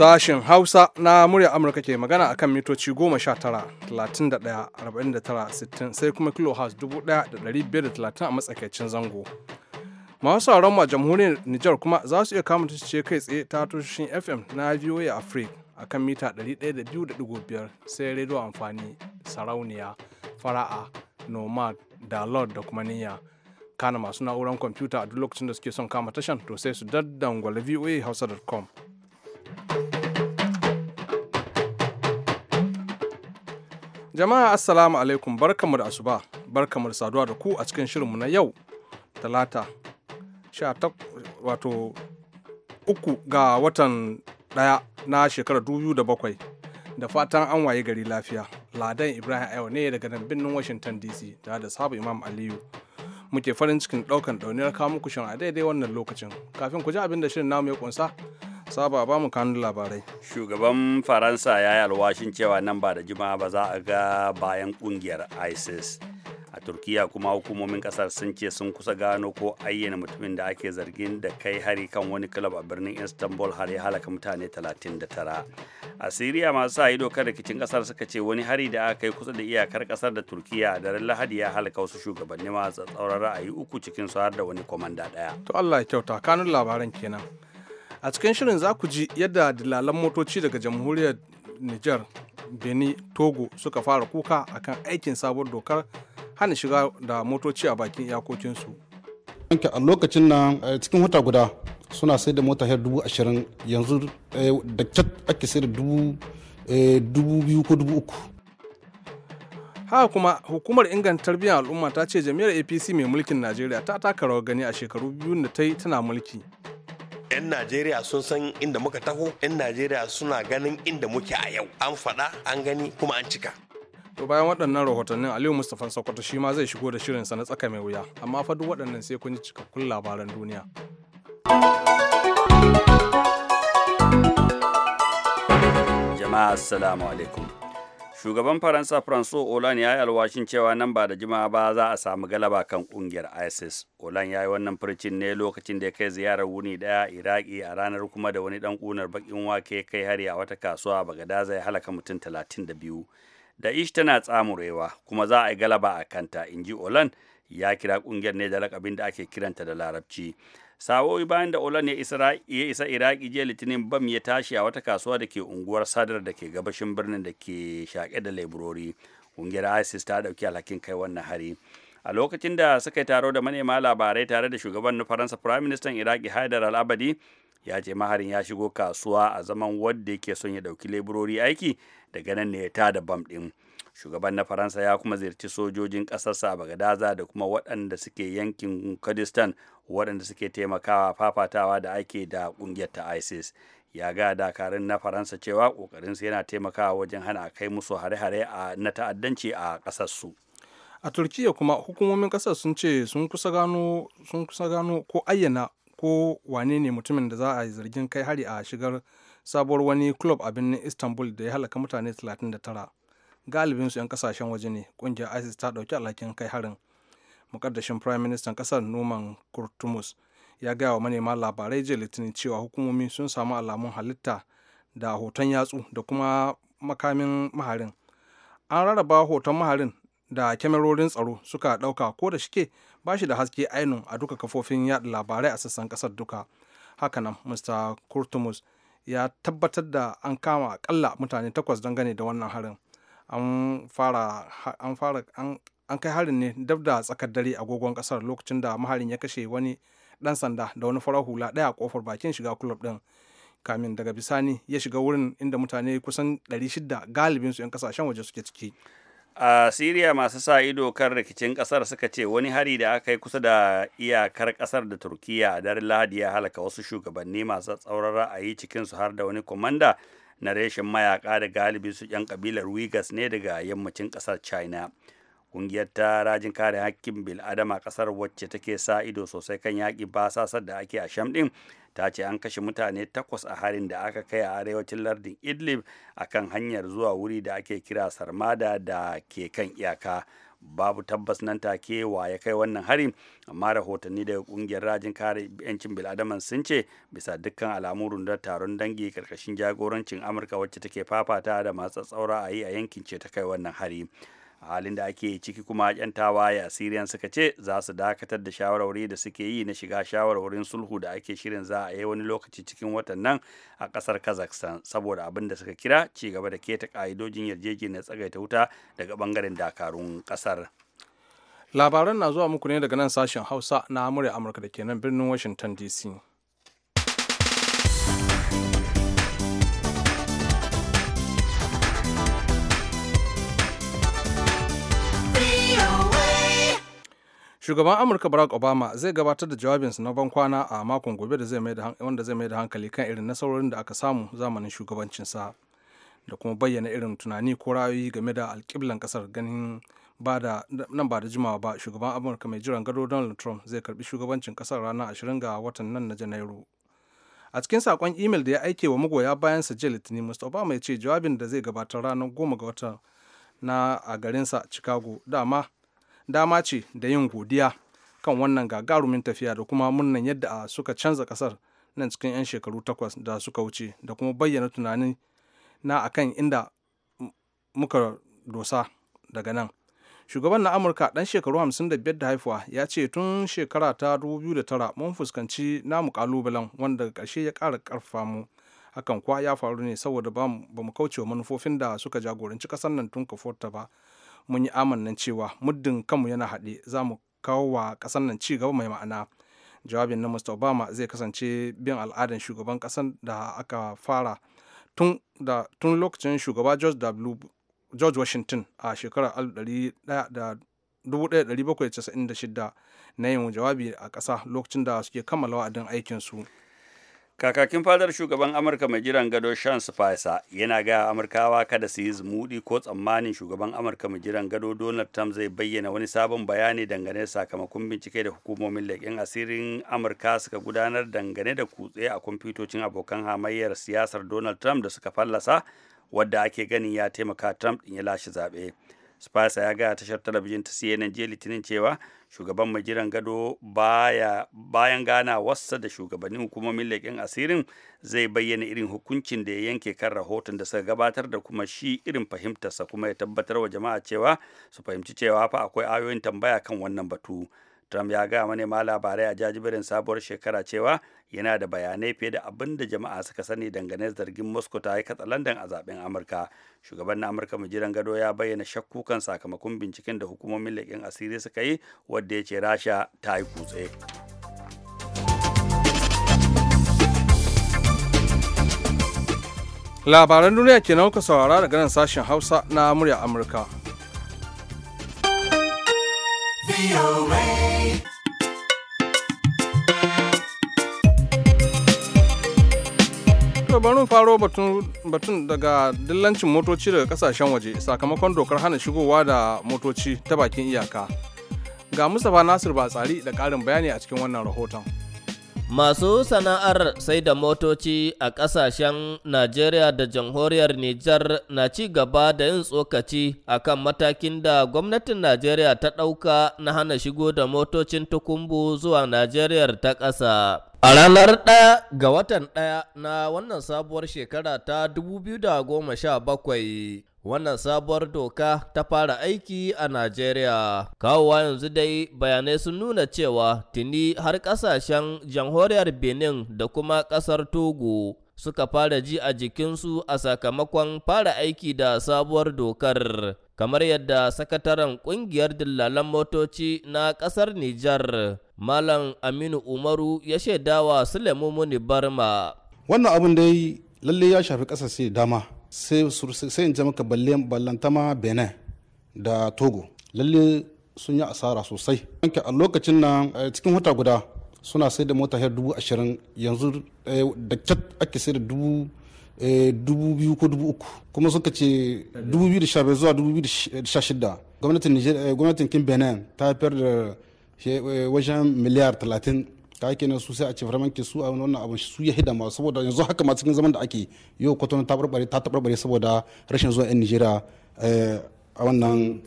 Sashen Hausa na murya Amurka ke magana a kan mitoci 19-31-49-60 sai kuma kilohertz 1,530 a matsakaicin zango. Masu sauran ma jamhuriyar Nijar kuma za su iya kama ce kai tsaye ta tashoshin FM na VOA Africa a kan mita 102.5 sai rediyo amfani sarauniya fara'a nomad da lord da kuma niyya kana masu na'urar kwamfuta a duk lokacin da suke son kama tashan to sai su daddangwala voa hausa.com Jama'a Assalamu alaikum barkamu da asuba barkamu da saduwa da ku a cikin shirinmu na yau talata wato uku ga watan daya na shekarar 2007 da fatan an waye gari lafiya ladan ibrahim ayo ne daga nan birnin washington dc tare da sabu imam aliyu muke farin cikin daukan dauniyar kawo muku shan a daidai wannan lokacin kafin ku ji abin da shirin namu ya kunsa Saba ba mu kanun labarai. Shugaban Faransa ya yi alwashin cewa nan ba da jima'a ba za a ga bayan kungiyar ISIS. A Turkiya kuma hukumomin kasar sun ce sun kusa gano ko ayyana mutumin da ake zargin da kai hari kan wani club a birnin Istanbul har ya halaka mutane 39. A Siriya masu sa ido kan rikicin kasar suka ce wani hari da aka kai kusa da iyakar kasar da Turkiya da daren Lahadi ya halaka wasu shugabanni masu tsatsauran ra'ayi uku cikin su har da wani kwamanda daya. To Allah ya kyauta kanun labaran kenan. a cikin shirin za ku ji yadda dilalan motoci daga jamhuriyar niger benin togo suka fara kuka akan aikin sabon dokar hana shiga da motoci a bakin iyakokinsu a lokacin nan eh, cikin wata guda suna sai da mota dubu ashirin yanzu eh, da cat ake sai da eh, dubu biyu ko dubu uku haka kuma hukumar inganta tarbiyyar al'umma ta ce jami'ar apc mai mulkin najeriya ta taka rawar gani a shekaru biyu da ta yi tana mulki 'yan najeriya sun san inda muka taho 'yan najeriya suna ganin inda muke a yau an faɗa an gani kuma an cika to bayan waɗannan rahotannin aliyu mustapha sokoto shi ma zai shigo da sa na tsaka mai wuya amma fa duk waɗannan sai kun ji cikakkun labaran duniya jama'a assalamu alaikum shugaban faransa franso olan ya yi alwashin cewa nan ba da jimawa ba za a samu galaba kan kungiyar isis olan ya yi wannan furcin ne lokacin da ya kai ziyarar wuni daya iraki a ranar kuma da wani dan kunar bakin wake kai hari a wata kasuwa a bagadaza ya halaka mutum 32 da ish tana tsamurewa kuma za a yi galaba a kanta in ji olan ya kira kungiyar ne da lakabin da ake kiranta da larabci sawoyi bayan da olan ya isa iraki jiya litinin bam ya tashi a wata kasuwa da ke unguwar sadar da ke gabashin birnin da ke shaƙe da laburori kungiyar isis ta ɗauki alhakin kai wannan hari a lokacin da suka yi taro da manema labarai tare da shugaban na faransa prime minister iraki haidar al-abadi ya ce maharin ya shigo kasuwa a zaman wadda yake son ya ɗauki laburori aiki daga nan ne ya tada bam ɗin shugaban na faransa ya kuma ziyarci sojojin ƙasarsa a bagadaza da kuma waɗanda suke yankin kurdistan waɗanda suke taimakawa fafatawa da ake da ƙungiyar ta isis ya ga dakarun na faransa cewa su yana taimakawa wajen hana kai musu hare-hare na ta'addanci a ƙasarsu a turkiya kuma hukumomin ƙasar sun ce sun kusa gano sun kusa gano ko ayyana ko wane ne mutumin da za a yi zargin kai hari a shigar sabuwar wani club a birnin istanbul da ya halaka mutane 39 galibinsu 'yan kasashen waje ne kungiyar isis ta ɗauki alhakin kai harin mukaddashin prime minister kasar numan kurtumus ya gaya wa manema labarai jiya litinin cewa hukumomi sun samu alamun halitta da hoton yatsu da kuma makamin maharin an rarraba hoton maharin da kyamarorin tsaro suka dauka ko da shike ba shi da haske ainu a duka kafofin yada labarai a sassan kasar duka hakanan mr kurtumus ya tabbatar da an kama akalla mutane takwas dangane da wannan harin an fara an kai harin ne dab da tsakar dare agogon kasar lokacin da maharin ya kashe wani dan sanda da wani farar hula daya a kofar bakin shiga kulob din kamin daga bisani ya shiga wurin inda mutane kusan 600 galibin su 'yan kasashen waje suke ciki a siriya masu sa ido kan rikicin kasar suka ce wani hari da aka yi kusa da iyakar kasar da turkiya a daren lahadi ya halaka wasu shugabanni masu tsauran ra'ayi cikinsu har da wani kwamanda na reshen mayaka da galibi su 'yan kabilar uyghurs ne daga yammacin kasar china kungiyar ta rajin kare hakkin bil'adama kasar wacce take sa ido sosai kan yaƙi basasar da ake a sham ɗin ta ce an kashe mutane takwas a harin da aka kai a arewacin lardin idlib akan hanyar zuwa wuri da ake kira sarmada da ke kan iyaka babu tabbas nan take wa ya kai wannan hari amma rahotanni daga kungiyar rajin kare 'yancin bil'adaman sun ce bisa dukkan alamun rundar taron dangi karkashin jagorancin amurka wacce take fafata da masu tsaura a yi a yankin ce ta kai wannan hari halin da ake ciki kuma yan tawaye a suka ce za su dakatar da shawarwari da suke yi na shiga shawarwarin sulhu da ake shirin za a yi wani lokaci cikin watan nan a kasar kazakhstan saboda abin da suka kira ci gaba da keta ka'idojin yarjejeniyar tsagaita wuta daga ɓangaren dakarun kasar labaran na zuwa muku ne daga nan sashen hausa na amurka da ke nan birnin washington dc shugaban amurka barack obama zai gabatar da jawabinsa na bankwana a makon gobe da wanda zai mai da hankali kan irin nasarorin da aka samu zamanin shugabancinsa da kuma bayyana irin tunani ko ra'ayoyi game da alƙiblan kasar ganin nan ba da jimawa ba shugaban amurka mai jiran gado donald trump zai karbi shugabancin kasar ranar ashirin ga watan nan na janairu a cikin saƙon imel da ya aike wa magoya bayansa jiya litinin mr obama ya ce jawabin da zai gabatar ranar goma ga watan na a garinsa chicago dama dama ce da yin godiya kan wannan gagarumin tafiya da kuma murnan yadda ah, suka canza kasar nan cikin 'yan shekaru takwas da suka wuce da kuma bayyana tunani na akan inda muka dosa daga nan shugaban na amurka dan shekaru 55 da haifuwa ya ce tun shekara ta 2009 mun fuskanci namu kalubalen wanda daga ƙarshe ya ƙara ƙarfafa mu hakan kwa ya faru ne saboda ba mu wa manufofin da suka jagoranci ƙasar nan tun kafuwarta ba mun yi amannan cewa muddin kanmu yana haɗe za mu kawo wa ƙasar nan ci gaba mai ma'ana jawabin na mr obama zai kasance bin al'adar shugaban ƙasar da aka fara tun lokacin shugaba george w george washington a shekarar 1796 na yin jawabi a ƙasa lokacin da suke kammala wa'adin aikinsu kakakin fadar shugaban amurka mai jiran gado sean spicer yana gaya amurkawa kada su yi zumuɗi ko tsammanin shugaban amurka mai jiran gado donald trump zai bayyana wani sabon bayani dangane da sakamakon bincike da hukumomin leƙen asirin amurka suka gudanar dangane da kutse a kwamfutocin abokan hamayyar siyasar donald trump da suka fallasa wadda ake ganin ya taimaka trump ɗin ya lashe zaɓe Spasa ya gaya tashar talabijin ta CNN jiya Litinin cewa shugaban mai jiran gado baya bayan gana wasa da shugabannin hukumomin leƙen asirin zai bayyana irin hukuncin da ya yanke kan rahoton da suka gabatar da kuma shi irin fahimtarsa kuma ya tabbatar wa jama'a cewa su fahimci cewa fa akwai ayoyin tambaya kan wannan batu. Trump ya gaya ma labarai a jajibirin sabuwar shekara cewa yana da bayanai fiye da abin da jama'a suka sani dangane da zargin Moscow ta yi katsalandan a zaben Amurka. Shugaban na Amurka mai jiran gado ya bayyana shakku kan sakamakon binciken da hukumomin leƙen asiri suka yi wadda ya ce Rasha ta yi kutse. Labaran duniya ke nauka saurara daga nan sashen Hausa na murya Amurka. VOA. To bari faro batun daga dillancin motoci daga kasashen waje sakamakon dokar hana shigowa da motoci ta bakin iyaka. Ga Mustapha Nasir Batsari da ƙarin bayani a cikin wannan rahoton. Masu sana'ar sai da motoci a ƙasashen Najeriya da jamhuriyar Nijar na ci gaba da yin tsokaci a kan matakin da gwamnatin Najeriya ta ɗauka na hana shigo da motocin tukumbu zuwa Najeriya ta ƙasa. A ranar ɗaya ga watan ɗaya na wannan sabuwar shekara ta 2017 wannan sabuwar doka ta fara aiki a Najeriya. Kawowa yanzu dai bayanai sun nuna cewa tuni har ƙasashen jamhuriyar Benin da kuma ƙasar Togo suka fara ji a jikinsu a sakamakon fara aiki da sabuwar dokar. Kamar yadda sakataren ƙungiyar dillalan motoci na ƙasar Nijar. Malam Aminu Umaru ya shaidawa Sulemu Muni Barma. Wannan abin dai lalle ya shafi ƙasashe dama sai in ji maka ballantama Benin da Togo. Lalle sun yi asara sosai. A lokacin nan eh, cikin wata guda suna sai da mota har dubu ashirin yanzu eh, da cat ake sai da dubu eh, dubu biyu ko dubu uku kuma suka ce dubu biyu da sha zuwa dubu biyu da sha shida gwamnatin gwamnatin kin benin ta haifar da Eh, wajen miliyar talatin ka kenan su sai a ce vraiment ke su a wannan abin su ya hidama saboda yanzu haka ma cikin zaman da ake yau kwatano ta barbare ta tabarbare saboda rashin zuwa yan Nigeria eh, a wannan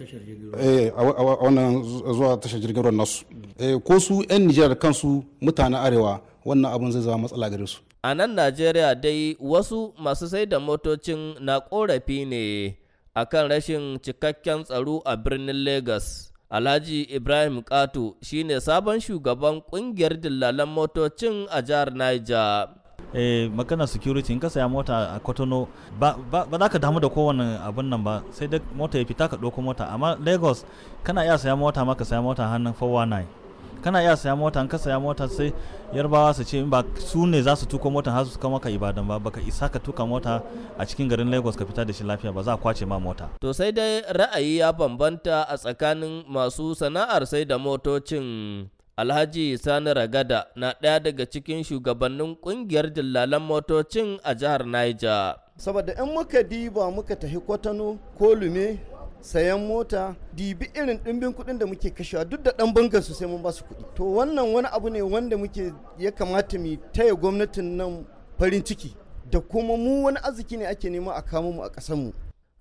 eh, a wannan zuwa tashar jirgin ruwan nasu ko su yan Nigeria da kansu mutanen arewa wannan abin zai zama matsala gare su a nan Najeriya dai wasu masu sai da motocin na korafi ne akan rashin cikakken tsaro a birnin Lagos Alhaji Ibrahim Kato ne sabon shugaban kungiyar dillalan motocin a jihar Niger. eh, magana security in ka saya mota a kotono ba, za ka damu da kowane abin nan ba sai dai mota ya fita ka ɗauko mota amma lagos kana iya saya mota ma ka saya mota hannun 419 kana iya saya mota an ka saya mota sai yarbawa su ce ba su ne za su tuko mota har su kama ka ibadan ba baka isa ka tuka mota a cikin garin lagos ka fita da shi lafiya ba za a kwace ma mota to sai dai ra'ayi ya bambanta a tsakanin masu sana'ar sai da motocin Alhaji Sani Ragada na ɗaya daga cikin shugabannin ƙungiyar dillalan motocin a jihar Niger. Saboda in muka diba muka tafi Kwatano ko Lume sayan mota dibi irin ɗimbin kuɗin da muke kashewa duk da ɗan bangansu su sai mun ba su kuɗi to wannan wani abu ne wanda muke ya kamata mu taya gwamnatin nan farin ciki da kuma mu wani arziki ne ake nema a kamo mu a kasar mu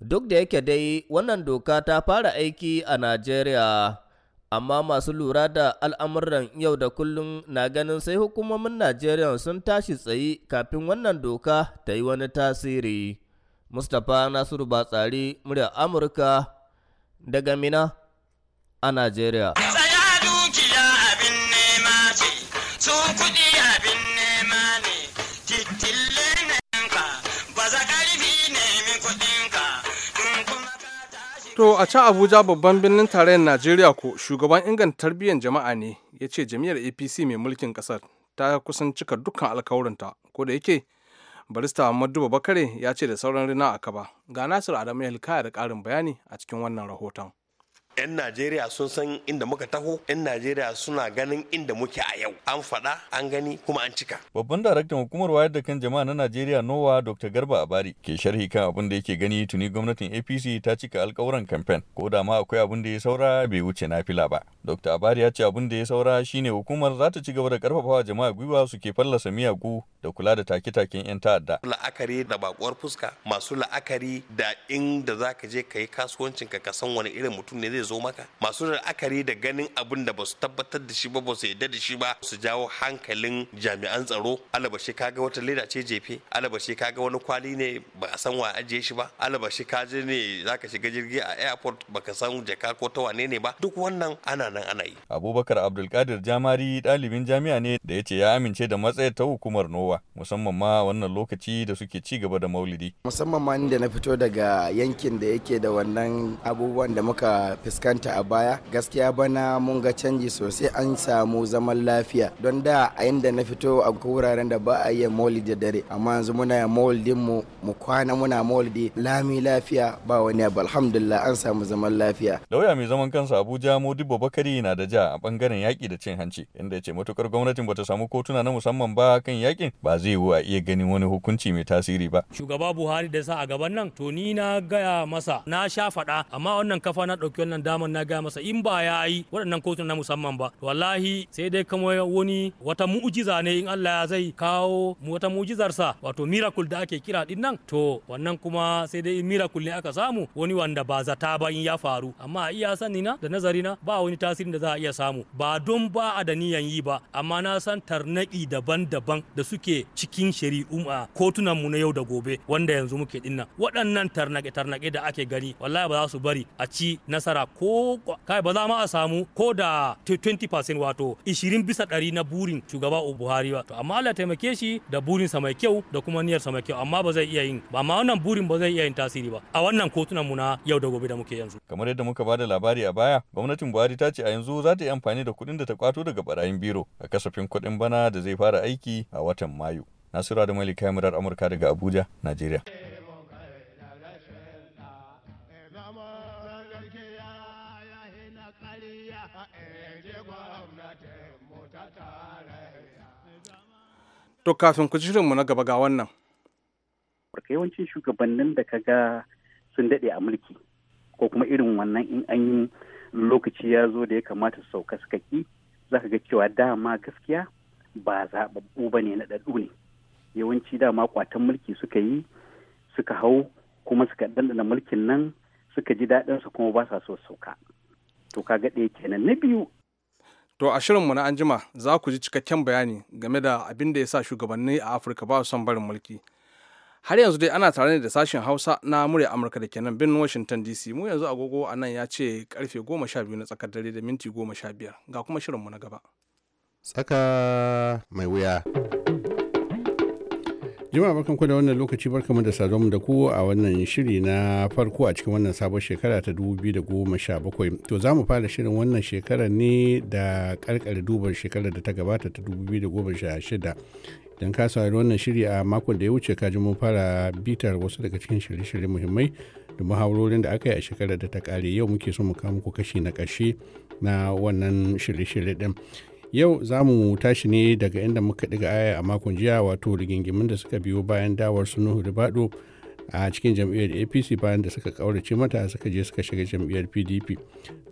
duk da yake dai wannan doka ta fara aiki a Najeriya amma masu lura da al'amuran yau da kullum na ganin sai hukumomin Najeriya sun tashi tsaye kafin wannan doka ta yi wani tasiri. Mustapha Nasiru Batsari murya Amurka daga Mina a Najeriya. dukiya abin nema ce, su abin nema ne, To a can Abuja babban birnin tarayyar Najeriya ko shugaban inganta tarbiyyar jama'a ne ya ce jami'ar APC mai mulkin ƙasar ta kusan cika dukkan alkawuranta ko da yake barista Muhammadu Babakare ya ce da sauran rina a kaba. Ga nasir Adamu Hilkaya da ƙarin bayani a cikin wannan rahoton. 'yan najeriya sun san inda muka taho 'yan najeriya suna ganin inda muke a yau an faɗa an gani kuma an cika babban daraktan hukumar wayar da kan jama'a na najeriya nowa dr garba abari ke sharhi kan abin da yake gani tuni gwamnatin apc ta cika alkawuran kamfen ko da ma akwai abin da ya saura bai wuce na fila ba dr abari ya ce abin da ya saura shine hukumar za ta ci gaba da karfafawa jama'a gwiwa su ke fallasa miyagu da kula da take-taken 'yan ta'adda la'akari da bakuwar fuska masu la'akari da inda za ka je ka yi kasuwancinka ka san wani irin mutum ne zai zai zo maka masu la'akari da ganin abin da basu tabbatar da shi ba ba su yadda da shi ba su jawo hankalin jami'an tsaro alabashi kaga wata leda ce jefe alabashi kaga wani kwali ne ba a san wa ajiye shi ba alabashi kaje ne zaka shiga jirgi a airport baka san jaka ko ta wane ne ba duk wannan ana nan ana yi abubakar abdulkadir jamari ɗalibin jami'a ne da ya ce ya amince da matsayar ta hukumar nowa musamman ma wannan lokaci da suke ci gaba da maulidi musamman ma da na fito daga yankin da yake da wannan abubuwan da muka fi fuskanta a baya gaskiya bana mun ga canji sosai an samu zaman lafiya don da a inda na fito a wuraren da ba a iya mall da dare amma yanzu muna mall mu mu kwana muna mall lami lafiya ba wani abu alhamdulillah an samu zaman lafiya lauya mai zaman kansa abuja modibo bakari na da ja a bangaren yaki da cin hanci inda ya ce matukar gwamnatin bata samu kotuna na musamman ba kan yakin ba zai yiwu a iya ganin wani hukunci mai tasiri ba shugaba buhari da sa a gaban nan to ni na gaya masa na sha faɗa amma wannan kafa na ɗauki wannan wannan damar na ga masa in ba ya yi waɗannan kotun na musamman ba wallahi sai dai kama wani wata mu'jiza ne in Allah ya zai kawo wata sa wato miracle da ake kira din nan to wannan kuma sai dai miracle ne aka samu wani wanda ba zata ba in ya faru amma a iya sani na da nazari na ba wani tasirin da za a iya samu ba don ba a da niyan yi ba amma na san tarnaƙi daban-daban da suke cikin shari'un a kotunan mu na yau da gobe wanda yanzu muke dinnan waɗannan tarnake-tarnake da ake gani wallahi ba za su bari a ci nasara ko kai ba za ma a samu ko da 20% wato 20 bisa ɗari na burin shugaba Buhari ba to amma Allah taimake shi da burin sa mai kyau da kuma niyyar sa mai kyau amma ba zai iya yin ba amma wannan burin ba zai iya yin tasiri ba a wannan kotunan mu na yau da gobe da muke yanzu kamar yadda muka bada labari a baya gwamnatin Buhari ta ce a yanzu za ta yi amfani da kuɗin da ta kwato daga barayin biro a kasafin kuɗin bana da zai fara aiki a watan Mayu Nasiru da Malika Murar Amurka daga Abuja, Najeriya. To kafin ku shirinmu na gaba ga wannan. Barka yawancin shugabannin da ka ga sun daɗe a mulki ko kuma irin wannan in an yi lokaci ya zo da ya kamata su sauka suka ki za ka ga cewa dama gaskiya ba zaɓaɓɓu ba ne na ɗaɗɗu ne. Yawanci dama kwatan mulki suka yi suka hau kuma suka ɗanɗana mulkin nan suka ji daɗinsa kuma ba sa so sauka. To ka ga ɗaya kenan. Na biyu To a shirinmu na anjima za ku ji cikakken bayani game da abin da ya sa shugabanni a Afirka ba su son barin mulki. Har yanzu dai ana tare ne da sashen Hausa na murya Amurka da kenan bin Washington DC. Mu yanzu agogo a nan ya ce karfe goma sha biyu na tsakar dare da minti goma sha Ga kuma shirinmu na gaba. Tsaka mai wuya. Jama'a barkan ku da wannan lokaci barkamu da saduwa da ku a wannan shiri na farko a cikin wannan sabon shekara ta 2017. To za mu fara shirin wannan shekara ne da karkar dubar shekarar da ta gabata ta 2016. Idan ka sauri wannan shiri a makon da ya wuce ka ji mun fara bitar wasu daga cikin shirye-shirye muhimmai da muhawarorin da aka yi a shekarar da ta kare yau muke so mu kawo muku kashi na karshe na wannan shirye-shirye din. yau za mu tashi ne daga inda muka ɗiga aya a makon jiya wato rigingimin da suka biyo bayan dawar su nuhu baɗo a cikin jam'iyyar apc bayan da suka ƙaurace mata suka je suka shiga jam'iyyar pdp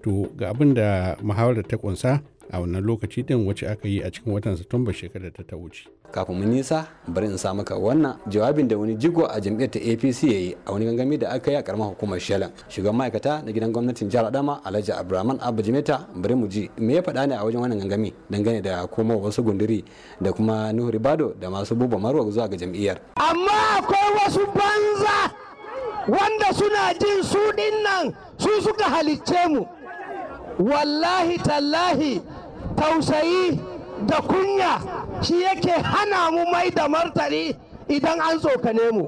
to ga abin da muhawarar ta ƙunsa. a wannan lokaci din wacce aka yi a cikin watan satumba shekarar ta ta wuce kafin mu nisa bari in sa maka wannan jawabin da wani jigo a jam'iyyar ta apc ya yi a wani gangami da aka yi a karamar hukumar shelan shugaban ma'aikata na gidan gwamnatin jihar adama alhaji abdulrahman abu jimeta bari mu ji me ya faɗa ne a wajen wannan gangami dangane da koma wasu gunduri da kuma nuhu ribado da masu buba marwa zuwa ga jam'iyyar amma akwai wasu banza wanda suna jin su nan su suka halicce mu wallahi tallahi tausayi da kunya shi yake hana mu mai da martani idan an tsokane mu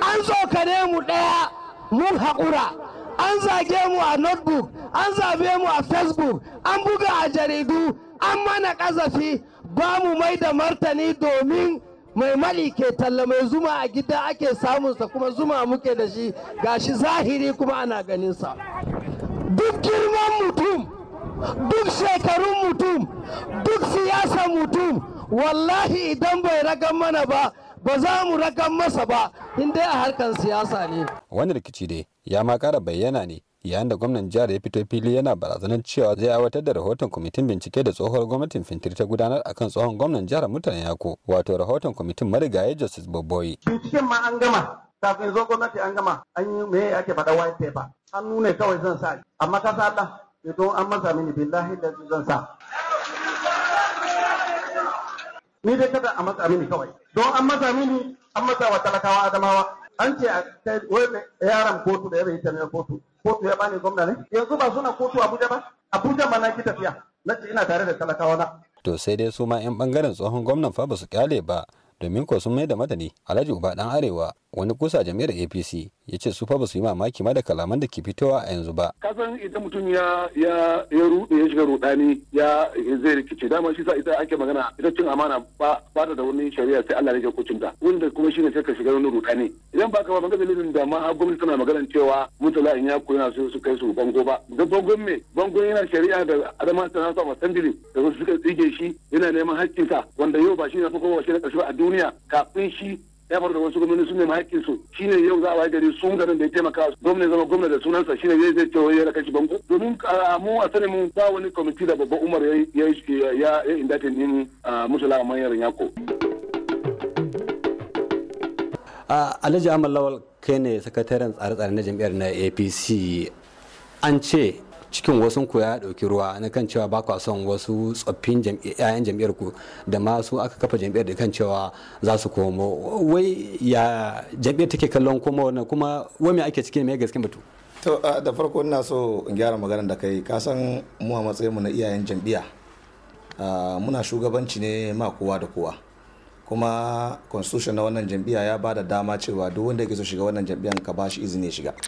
an tsokane mu ɗaya mun haƙura an zage mu a notebook an zabe mu a facebook an buga a jaridu an mana ƙazafi ba mu mai da martani domin mai mali ke talla mai zuma a gida ake samunsa kuma zuma muke da shi gashi zahiri kuma ana ganinsa duk girman mutum duk shekarun mutum duk siyasa mutum wallahi idan bai ragan mana ba ba za mu ragan masa ba in dai a harkar siyasa ne wani rikici dai ya ma kara bayyana ne yayin da gwamnan jihar ya fito fili yana barazanar cewa zai aiwatar da rahoton kwamitin bincike da tsohuwar gwamnatin fintiri ta gudanar akan tsohon gwamnan jihar mutane yako wato rahoton kwamitin marigaye justice bobboyi binciken ma an gama kafin zo gwamnati an gama an yi me ake faɗa white paper an nuna kawai zan sa amma ka sa idan an masa mini billahi da zan sa ni dai kada a masa mini kawai don an masa mini an masa wa talakawa adamawa an ce a kai wani yaran kotu da ya bai ta kotu kotu ya bani gwamna ne yanzu ba suna kotu abuja ba abuja ma na ki tafiya na ce ina tare da talakawa na to sai dai su ma 'yan bangaren tsohon gwamnan fa ba su kyale ba domin ko sun mai da madani alhaji uba dan arewa wani kusa jami'ar apc ya ce su fa ba su yi mamaki ma da kalaman da ke fitowa a yanzu ba kasan ita mutum ya ya ya rude ya shiga rudani ya zai rikice dama shi sa ita ake magana ita cin amana ba ba da wani shari'a sai Allah ne ya kucinta wanda kuma ne sai ka shiga wani rudani idan ba ka ba magana dalilin da ma gwamnati tana magana cewa mutala in ya koyi su su kai su bango ba da bango me bangon yana shari'a da adama tana sa masandiri da su suka tsige shi yana neman haƙƙinsa wanda yau ba shi ne fa kowa shi na ƙarshe a duniya duniya kafin shi ya faru da wasu gwamnati su nemi haƙƙin su shine yau za a waye gari sun garin da ya taimaka gwamnati zama gwamnati da sunansa shine zai zai cewa ya raka shi banko domin mu a sanin mun ba wani kwamiti da babban umar ya ya ya indatin din musula manyan yako. Alhaji Amal Lawal kai ne sakataren tsare-tsare na jam'iyyar na APC an ce cikin wasu ku ya dauki ruwa na kan cewa ba kwa son wasu tsoffin yayan jam'iyyar ku da ma su aka kafa jam'iyyar da kan cewa za su komo wai ya jam'iyyar take kallon koma wannan kuma wai me ake cikin me gaskin batu to da farko ina so in gyara maganar da kai ka san mu a matsayin mu na iyayen jam'iyya muna shugabanci ne ma kowa da kowa kuma constitution na wannan jam'iyya ya ba da dama cewa duk wanda yake so shiga wannan jam'iyyar ka ba shi izini shiga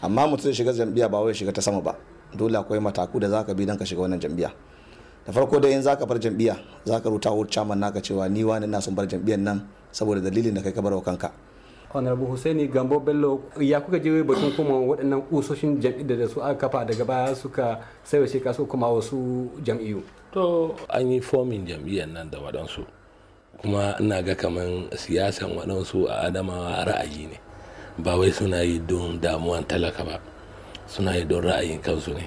amma mutum shiga jam'iyya ba wai shiga ta sama ba dole akwai mataku da zaka bi don ka shiga wannan jam'iyya da farko dai in zaka bar jam'iyya zaka rubuta wa chairman naka cewa ni wani na son bar jam'iyyar nan saboda dalilin da kai ka bar wa kanka honorable husaini gambo bello ya kuka je batun kuma waɗannan ƙusoshin jam'iyyar da su aka kafa daga baya suka sai wace kasu kuma wasu jam'iyyu to an yi fomin jam'iyyar nan da waɗansu kuma ina ga kaman siyasan waɗansu a adamawa ra'ayi ne ba wai suna yi don damuwan talaka ba suna yi don ra'ayin kansu ne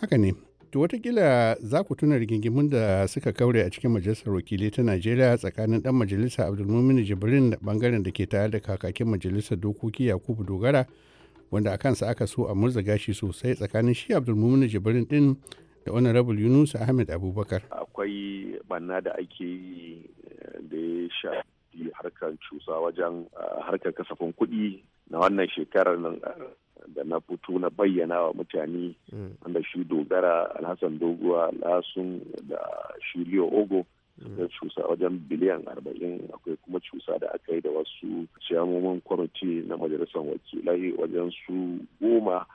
haka ne to watakila za ku tuna rigingimun da suka kaure a cikin majalisar wakilai ta najeriya tsakanin ɗan majalisa abdulmumin jibrin da bangaren da ke tare da kakakin majalisar dokoki yakubu dogara wanda a kansa aka so a murza gashi sosai tsakanin shi abdulmumin jibrin din da honorable yunus ahmed abubakar akwai banna da ake yi eh, da ya shafi harkar cusa wajen eh, harkar kasafin kuɗi na wannan shekarar nan da na fito na bayyana wa mutane mm. wanda shi dogara alhassan doguwa lasun da shi liyo ogo da mm. cusa wajen biliyan arba'in akwai kuma cusa da aka yi da wasu ciyamomin kwamiti na majalisar wakilai wajen su goma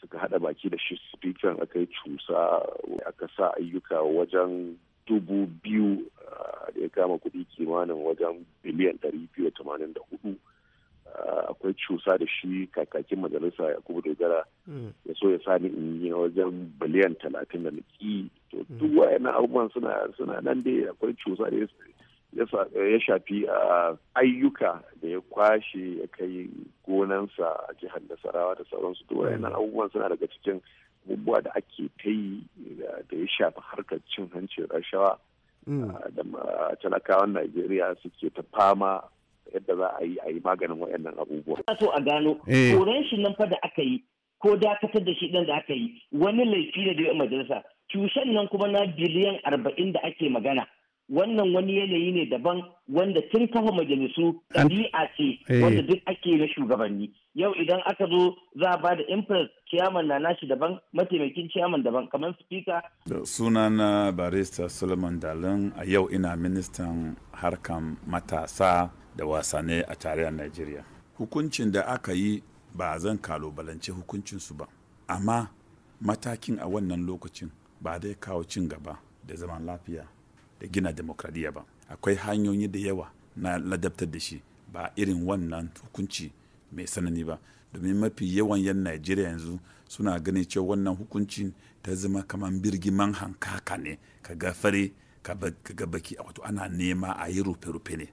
suka hada baki da shi spikin aka yi cusa aka sa ayyuka wajen dubu biyu ah, da ya kama kuɗi kimanin wajen biliyan ɗari biyu da hudu akwai cusa da shi kakakin majalisa ya yakubu dogara mm. ya so ya sani in yi wajen biliyan talatin da niki to mm. duk wayannan abubuwan suna nan dai akwai cusa da ya shafi ayyuka da ya kwashe ya kai gonansa a jihar nasarawa da sauransu duk wayannan mm. abubuwan suna daga cikin abubuwa da ake ta yi da ya shafi harkar cin hanci rashawa da talakawan najeriya suke ta fama yadda za a yi a yi maganin waɗannan abubuwa. so a gano koren eh. shi nan fa da aka yi ko dakatar da shi ɗin da aka yi wani laifi ne da ya majalisa cushen nan kuma na biliyan arba'in da ake magana wannan wani yanayi ne daban wanda tun kafa majalisu ɗabi'a ce eh. wanda duk ake na shugabanni yau idan aka zo za a ba da impress ciyaman na nashi daban mataimakin ciyaman daban kamar Suna na barista solomon dalin a yau ina ministan harkan matasa da wasanni a tarayyar Najeriya. Hukuncin da aka yi ba zan kalubalance hukuncinsu ba, amma matakin a wannan lokacin ba zai kawo cin gaba da zaman lafiya da gina demokradiyya ba. Akwai hanyoyi da yawa na ladabtar da shi ba irin wannan hukunci mai sanani ba. Domin mafi yawan 'yan Najeriya yanzu suna ganin cewa wannan hukuncin ta zama kamar birgiman hankaka ne ka gafare ka ga baki wato ana nema a yi rufe-rufe ne.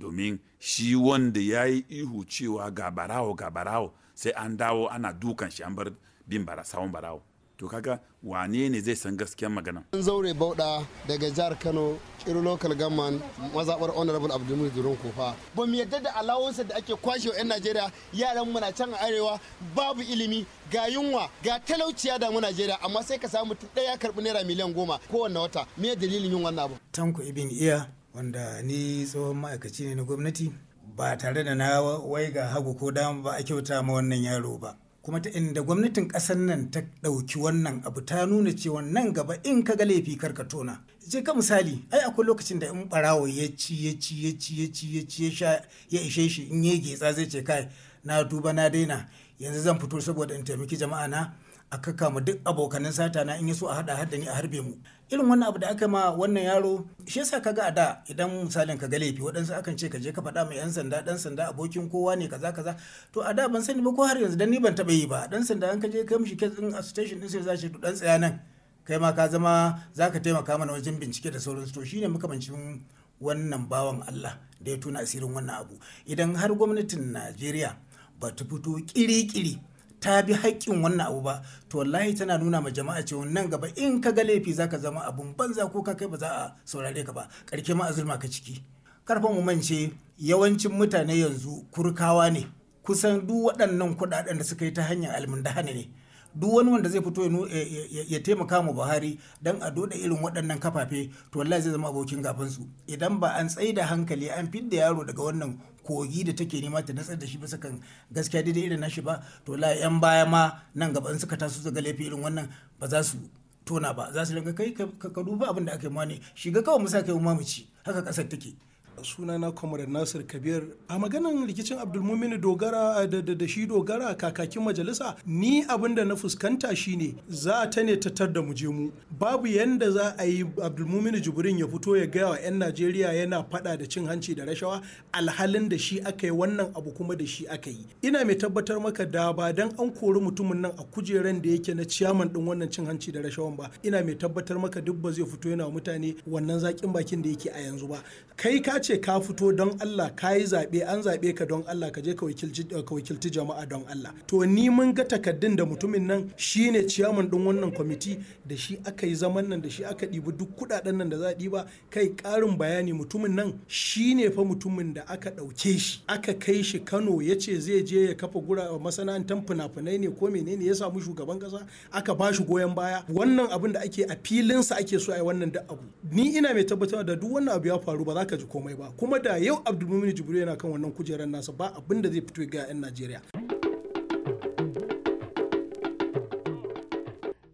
domin shi wanda ya yi ihu cewa ga barawo ga barawo sai an dawo ana dukan shi an bar bin barasawun barawo to kaga wane ne zai san gaskiyar magana an zaure bauda daga jihar kano kiru local government mazabar honorable abdulmuzi duron kofa ba mu yadda da alawunsa da ake kwashe yan najeriya yaran mu na can arewa babu ilimi ga yunwa ga talauciya da mu najeriya amma sai ka samu ɗaya karɓi naira miliyan goma kowanne wata me dalilin yin wannan abu tanko ibn iya wanda ni tsohon ma'aikaci ne na gwamnati ba tare da na wai ga hagu ko dama ba a kyauta ma wannan yaro ba kuma ta inda gwamnatin ƙasar nan ta ɗauki wannan abu ta nuna cewa nan gaba in ka ga laifi kar ka tona je ka misali ai akwai lokacin da in barawo ya ci ya ci ya ci ya ci ya ci ya sha ya ishe shi in ya getsa zai ce kai na duba na daina yanzu zan fito saboda in taimaki jama'a na a aka kama duk abokanan sata na in so a hada hada ni a harbe mu irin wannan abu da aka ma wannan yaro shi yasa ga a da idan misalin ka ga laifi waɗansu akan ce ka je ka faɗa mai yan sanda dan sanda abokin kowa ne kaza kaza to a da ban sani ba ko har yanzu dan ni ban taɓa yi ba dan sanda an ka je kai mishi kes din a station din sai za shi dan tsaya nan kai ma ka zama za ka taimaka mana wajen bincike da sauransu to shine makamancin wannan bawan Allah da ya tuna asirin wannan abu idan har gwamnatin Najeriya ba ta fito kiri-kiri ta bi haƙƙin wannan abu ba to wallahi tana nuna ma jama'a cewa nan gaba in ka ga laifi zaka zama abun banza ko ka kai ba za a saurare ka ba karke ma azurma ka ciki karfa mu mance yawancin mutane yanzu kurkawa ne kusan duk waɗannan kuɗaɗen da suka yi ta hanyar almundahana ne duk wani wanda zai fito ya taimaka mu buhari don a doda irin waɗannan kafafe to wallahi zai zama abokin gafansu idan ba an tsaida hankali an fidda yaro daga wannan kogi da take nema ta natsar da shi bisa kan gaskiya daidai irin nashi ba to la yan baya ma nan gaban suka taso su ga laifi irin wannan ba za su tona ba za su ringa kai ka duba abin da aka yi ma ne shiga kawai sa kai mu ci haka kasar take sunana kwamar nasir kabir a maganan rikicin abdulmumini dogara eh, da shi dogara kakakin majalisa ni abin da na fuskanta shine za ta ne tattar da muje mu babu yanda za a yi abdulmuminu jibrin ya fito ya gaya wa 'yan najeriya yana fada da cin hanci da rashawa alhalin da shi aka yi wannan abu kuma da shi aka yi ina mai tabbatar maka da ba dan an kori mutumin nan a kujeran da yake na ciyaman din wannan cin hanci da rashawan ba ina mai tabbatar maka duk ba zai fito yana mutane wannan zakin bakin da yake a yanzu ba kai ka ce ce ka fito don Allah ka yi zaɓe an zaɓe ka don Allah ka je ka wakilci jama'a don Allah to ni mun ga takaddun da mutumin nan shine ciyaman ɗin wannan kwamiti da shi aka yi zaman nan da shi aka ɗibi duk kuɗaɗen nan da za a ɗiba kai ƙarin bayani mutumin nan shi ne fa mutumin da aka ɗauke shi aka kai shi Kano ya ce zai je ya kafa gura masana'antar fina-finai ne ko menene ya samu shugaban ƙasa aka ba shi goyon baya wannan abin da ake a filinsa ake so a yi wannan duk abu ni ina mai tabbatar da duk wannan abu ya faru ba za ka ji komai ba ba kuma da yau abdulmumin jibril yana kan wannan kujerar nasa ba abin da zai fito ga 'yan najeriya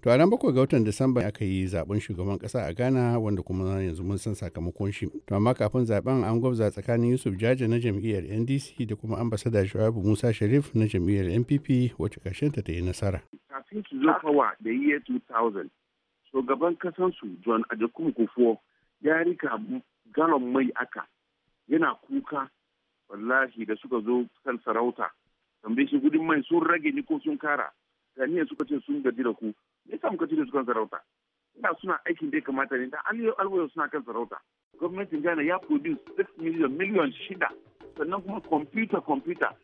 to a ran bakwai ga watan disamba aka yi zaben shugaban kasa a ghana wanda kuma yanzu mun san sakamakon shi to amma kafin zaben an gwabza tsakanin yusuf jaja na jam'iyyar ndc da kuma ambasada shu'abu musa sharif na jam'iyyar npp wacce kashin ta ta yi nasara kafin su zo fawa da year 2000 shugaban kasansu john adekun kufuwa ya rika galon mai aka yana kuka wallahi da suka zo kan sarauta tambaye shi gudun mai sun rage ni ko sun kara ganiya suka ce sun gaji da ku me yasa muka da su kan sarauta ina suna aikin da ya kamata ne da alwayo suna kan sarauta gwamnatin Ghana ya produce six million million shida sannan kuma kwamfuta kwamfuta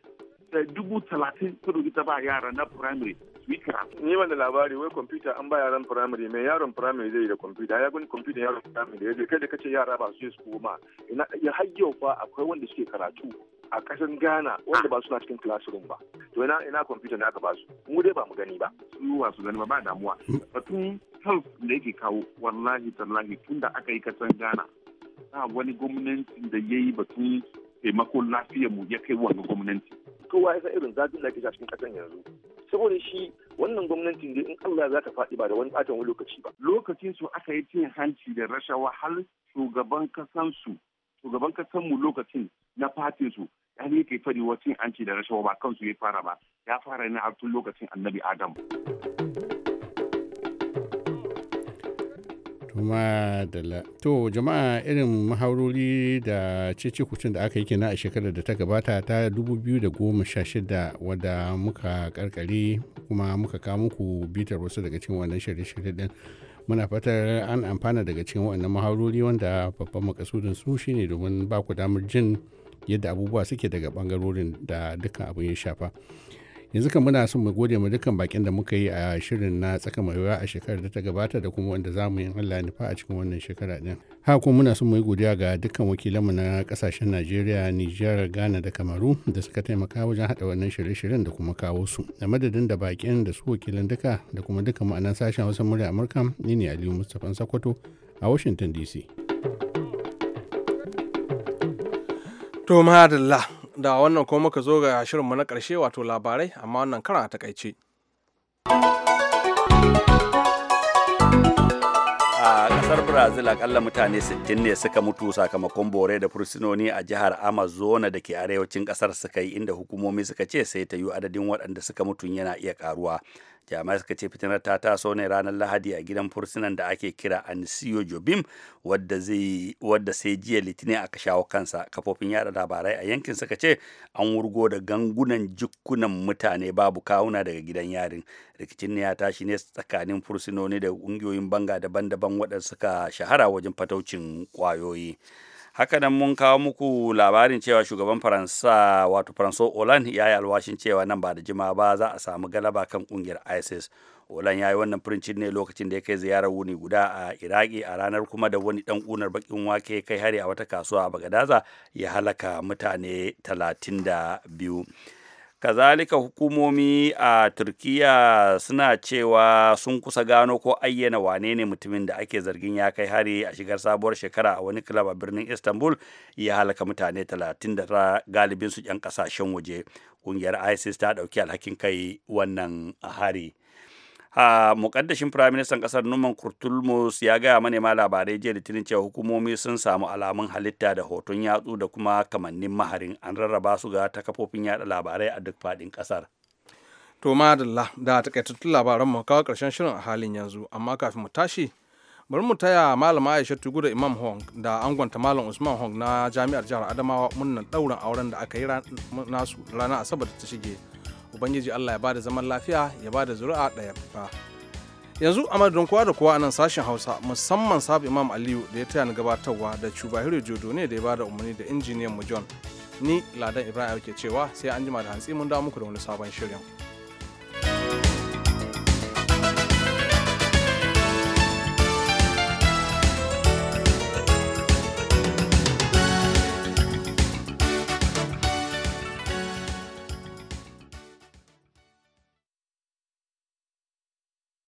eh, dubu talatin ta ba yara na primary twitter ni wanda labari wai kwamfuta an ba yaran firamare mai yaron firamare zai yi da kwamfuta ya gani kwamfuta yaron firamare ya je kai da kace yara ba su yi su koma ina ya hayyau fa akwai wanda suke karatu a kasan Ghana wanda ba suna cikin classroom ba to ina ina kwamfuta na aka ba su mu dai ba mu gani ba su ba su gani ba ba damuwa batun health da yake kawo wallahi tallahi da aka yi kasan Ghana ba wani gwamnati da yayi batun taimako lafiyar mu ya kai wani gwamnati kowa ya san irin zafin da ke cikin kasan yanzu saboda shi wannan gwamnatin da in Allah za ta faɗi ba da wani ɓatan wani lokaci ba. Lokacin su aka yi cin hanci da rashawa har shugaban su, shugaban mu lokacin na fatin su ya ne ke wa cin hanci da rashawa ba kansu ya fara ba ya fara ne a tun lokacin annabi Adam. Tuma To jama'a irin mahaurori da cici kucin da aka yi kenan a shekarar da ta gabata ta 2016 wadda muka karkare kuma muka kawo muku bitar wasu daga cikin wannan shirye-shirye din. Muna fatar an amfana daga cikin wannan mahaurori wanda babban makasudin su shine domin ba ku damar jin yadda abubuwa suke daga bangarorin da dukkan abin ya shafa. yanzu kan muna son mu gode mu dukkan bakin da muka yi a shirin na tsaka mai wuya a shekarar da ta gabata da kuma wanda za mu yi Allah ya nufa a cikin wannan shekara din haka kuma muna son mu yi godiya ga dukkan wakilanmu na kasashen Najeriya Nijar Ghana da Kamaru da suka taimaka wajen hada wannan shirye-shiryen da kuma kawo su da madadin da bakin da su wakilan duka da kuma dukkan ma'anan sashen Hausa murya Amurka ni ne Aliyu Mustapha Sakwato a Washington DC. To madalla da wannan kuma muka zo ga shirinmu na ƙarshe wato labarai amma wannan karan a takaice. a kasar brazil akalla mutane 60 ne suka mutu sakamakon bore da fursunoni a jihar amazona da ke arewacin kasar suka yi inda hukumomi suka ce sai ta yi adadin waɗanda suka mutu yana iya karuwa jami'ai suka ce fitinar ta taso ne ranar lahadi a gidan fursunan da ake kira anisiyo jobim wadda sai jiya litinin aka shawo kansa kafofin yada labarai a yankin suka ce an wurgo da gangunan jikunan mutane babu kawuna daga gidan yarin rikicin ne ya tashi ne tsakanin fursunoni da ƙungiyoyin banga daban-daban waɗanda suka shahara wajen fataucin ƙwayoyi. haka nan mun kawo muku labarin cewa shugaban faransa wato faransa olan ya yi alwashin cewa nan ba da jima ba za a samu galaba kan kungiyar isis olan ya yi wannan furincin ne lokacin da ya kai ziyarar wuni guda a iraki a ranar kuma da wani dan unar bakin wake kai hari a wata kasuwa a bagadaza ya halaka mutane 32. kazalika hukumomi a turkiya suna cewa sun kusa gano ko ayyana wane ne mutumin da ake zargin ya kai hari a shigar sabuwar shekara a wani club a birnin istanbul ya halaka mutane 39 galibinsu 'yan kasashen waje ƙungiyar isis ta ɗauki alhakin kai wannan hari a mukaddashin firaministan kasar numan kurtulmus ya gaya manema labarai jiya litinin cewa hukumomi sun samu alamun halitta da hoton yatsu da kuma kamannin maharin an rarraba su ga ta kafofin yada labarai a duk faɗin kasar to madalla da takaitattun labaran mu kawo karshen shirin a halin yanzu amma kafin mu tashi bari mu taya malama aisha tugu da imam hong da angonta malam usman hong na jami'ar jihar adamawa munnan ɗaurin auren da aka yi nasu ranar asabar ta shige ubangiji allah ya bada zaman lafiya ya bada zuri'a ɗaya ba yanzu a madadin kowa da kowa a nan sashen hausa musamman sabu imam aliyu da ya taya ni gabatarwa da cubahiru jodo ne da ya da umarni da injiniyan mu john ni ladan ibrahim ke cewa sai an jima da hantsi mun dawo muku da wani sabon shirin